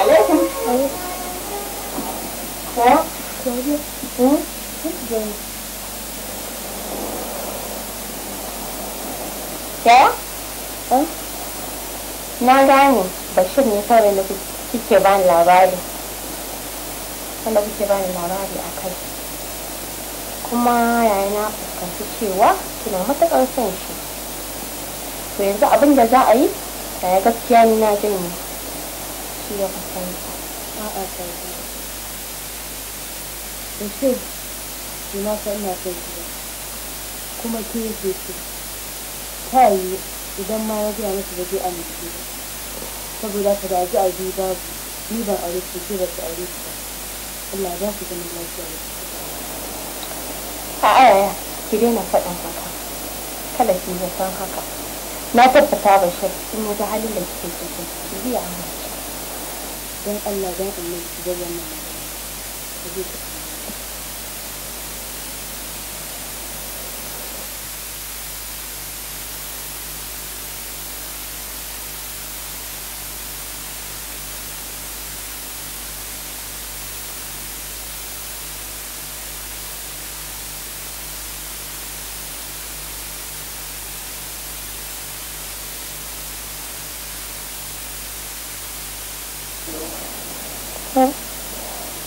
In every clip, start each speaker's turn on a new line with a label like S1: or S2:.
S1: alaikum. Na gane Bashir ne kawai na kike bani labari. Wanda kuke bani labari a kai. Kuma yayi na fuskanci cewa kina matuƙar son shi. To yanzu abin da za a yi, yaya gaskiya ni na janye.
S2: ciwon a kanka a'a sauki da ce ki na san ina son ki kuma ke yake ta yi idan ma ya gaya masa da zai amince ba saboda ka da aji a biyu babu ni ban aure ki ke ba ki aure ki ba Allah za ku zama lafiya a'a ki daina faɗin haka
S1: kada ki san haka na tabbata bashir in wata halin da kike ciki biya amince
S2: don Allah don annabi ki bayyana magana.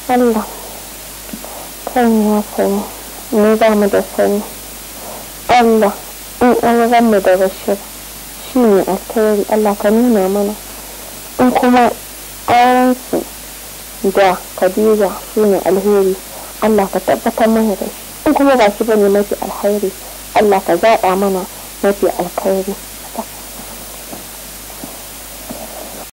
S3: Allah kan ya sani ni ba mu da sani Allah in an mu da bashir shi ne alkhairi Allah ka nuna mana in kuma aurensu da Khadija shi ne alheri Allah ka tabbatar mana da shi in kuma ba shi bane mafi alheri Allah ka zaɓa mana mafi alheri.